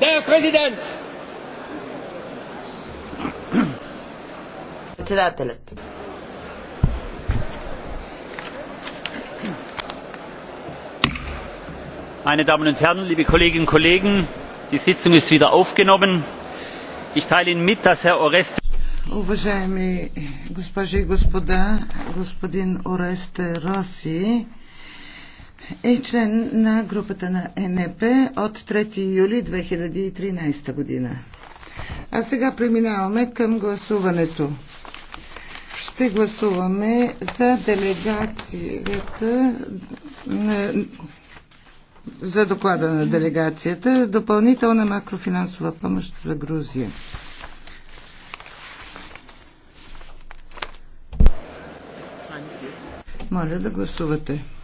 Der Präsident! Председателят. Meine Damen und Herren, liebe Kolleginnen und Kollegen, die Sitzung ist wieder aufgenommen. Ich teile Ihnen mit, dass Herr Oreste Уважаеми госпожи и господа, господин Оресте Роси е член на групата на НП от 3 юли 2013 година. А сега преминаваме към гласуването. Ще гласуваме за делегацията е, за доклада на делегацията допълнителна макрофинансова помощ за Грузия. Моля да гласувате.